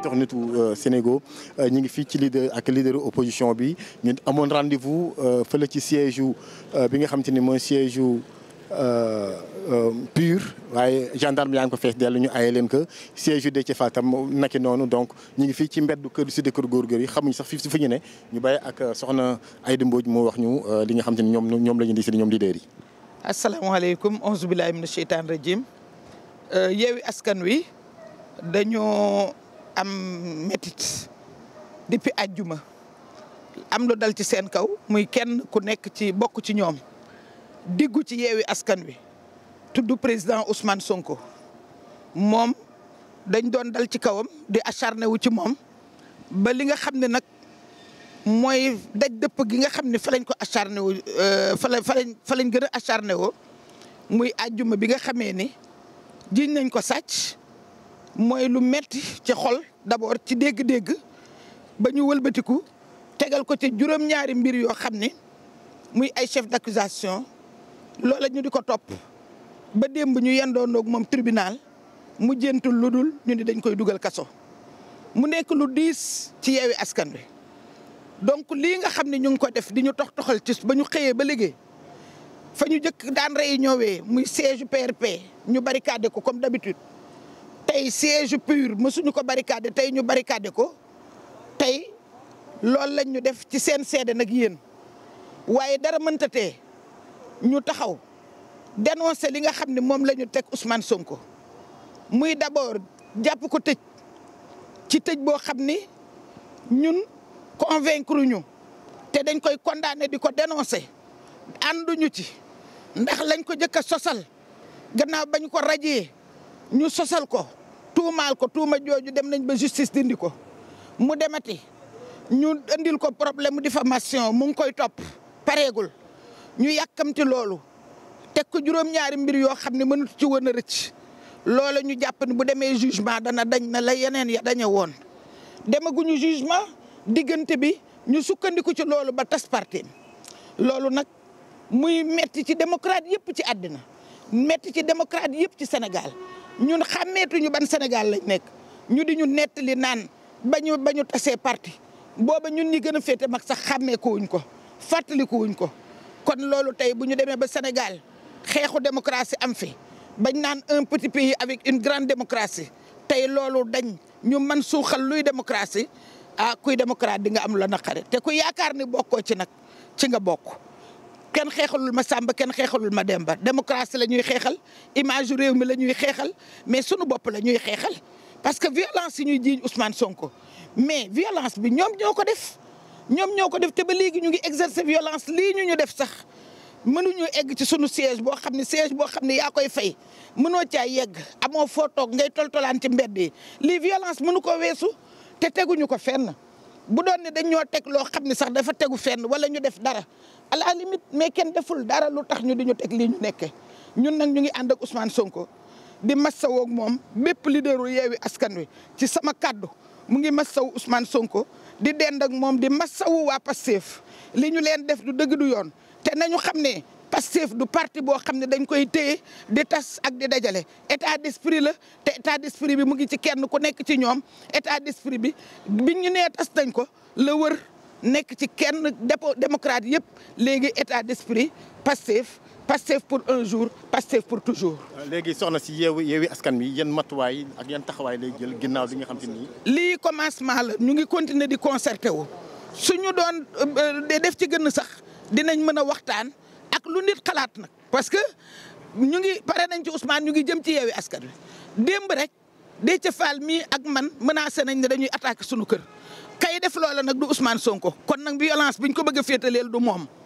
internetu euh, Sénégal euh, ñu ngi fii ci leader ak leader opposition bi ñu amoon rendez-vous euh, fële ci siège yu bi nga xam te ni mooy siège yu pur waaye gendarme yaa ngi ko fees dellu ñu aye leen que siège yu Déthié Fall tam naki noonu donc ñu ngi fii ci mbeddu kër si dëkkër góor góor yi xamuñ sax fi si fu ñu ne ñu bàyyi ak soxna Aïda Mbodj moo wax ñu li nga xam te ni ñoom ñoom la ñu di si ñoom leader yi. asalaamaaleykum auzu billaahi mina sheytaani rajiim yeewi askan wi dañoo. am métit depuis ajjuma am lu dal ci seen kaw muy kenn ku nekk ci bokk ci ñoom diggu ci yeewi askan wi tudd président Ousmane Sonko moom dañ doon dal ci kawam di acharné wu ci moom ba li nga xam ne nag mooy daj dëpp gi nga xam ne fa lañ ko acharné wu euh, fa la fa fa lañ gën a acharné woo muy ajjuma bi nga xamee ni jiñ nañ ko sàcc mooy lu metti ci xol d'abord ci dégg-dégg ba ñu wëlbatiku tegal ko ci juróom-ñaari mbir yoo xam ni muy ay chef d'accusation loola ñu di ko topp ba démb ñu yendoondoog moom tribunal mu jëntul lu dul ñu ni dañ koy dugal kaso mu nekk lu diis ci yeewi askan wi donc lii nga xam ne ñu ngi ko def di ñu tox toxal ci ba ñu xëyee ba liggéey fa ñu jëkk daan rey ñëwee muy siège PRP ñu barricadé ko comme d'habitude tey siège pur mësuñu ko barricade tey ñu barricade ko tey loolu lañ ñu def ci seen seede nag yéen waaye dara mëntatee ñu taxaw dénoncer li nga xam ne moom lañu ñu teg Ousmane Sonko muy d'abord jàpp ko tëj ci tëj boo xam ni ñun convaincre ñu te dañ koy condamné di ko dénoncer ànduñu ci ndax lañ ko jëkk a sosal gannaaw bañ ko rajee ñu sosal ko tuumaal ko tuuma jooju dem nañ ba justice dindi ko mu demati ñu indil ko problème mu diffamation mu ngi koy topp pareegul ñu yàkkamti loolu teg ko juróom-ñaari mbir yoo xam ne mënut ci woon a rëcc ñu jàpp ne bu demee jugement dana dañ na la yeneen ya dañe woon demaguñu jugement diggante bi ñu sukkandiku ci loolu ba tas parti loolu nag muy metti ci démocrate yëpp ci àddina metti ci démocrate yëpp ci Sénégal ñun xàmmeetuñu ban Sénégal lañ nekk ñu di ñu nettali naan ba ñu ba ñu tasee parti booba ñun ñi gën a féete mag sax xàmmeekuwuñ ko wuñ ko kon loolu tey bu ñu demee ba Sénégal xeexu démocratie am fi bañ naan un petit pays avec une grande démocratie tey loolu dañ ñu mën suuxal luy démocratie ah kuy démocrate di nga am la naqare te ku yaakaar ni bokkoo ci nag ci nga bokk kenn xeexalul ma sàmba kenn xeexalul ma Demba démocratie la ñuy xeexal image réew mi la ñuy xeexal mais sunu bopp la ñuy xeexal parce que violence yi ñuy jiiñ Ousmane Sonko mais violence bi ñoom ñoo ko def ñoom ñoo ko def te ba léegi ñu ngi exercer violence lii ñu ñu def sax mënuñu egg ci sunu siège boo xam ne siège boo xam ne yaa koy fay mënoo caa yegg amoo foo toog ngay tol tolaan ci mbedd yi lii violence mënu ko weesu te teguñu ko fenn. bu doon ne dañ ñoo teg loo xam ne sax dafa tegu fenn wala ñu def dara à la mais kenn deful dara lu tax ñu di ñu teg li ñu nekkee ñun nag ñu ngi ànd ak Ousmane Sonko di massawoog moom bépp leaderu Yewwi Askan Wi ci sama kàddu mu ngi massawu usmaan Sonko di dend ak moom di massawu waa Pastef li ñu leen def du dëgg du yoon te nañu xam ne Pastef du parti boo xam ne dañ koy téye di tas ak di dajale état d'esprit la te état d'esprit bi mu ngi ci kenn ku nekk ci ñoom état d'esprit bi biñ ñu nee tas nañ ko la wër nekk ci kenn dépôt démocrate yëpp léegi état d'esprit Pastef Pastef pour un jour Pastef pour toujours. léegi soxna si yeewu yeewi askan wi yan matuwaay ak yan taxawaay lay jël ginnaaw bi nga xam te ni. lii commencement la ñu ngi continuer di concerté wo su ñu doon euh, euh, def ci gën sax dinañ mën a waxtaan. lu nit kalaat nag. parce que ñu ngi pare nañ ci Ousmane ñu ngi jëm ci yeewi askan wi démb rek Déthié Fall mii ak man menacé nañ ne dañuy attaqué sunu kër kay def loola nag du Ousmane Sonko kon nag bi violence biñ ko bëgg a féetaleel du moom.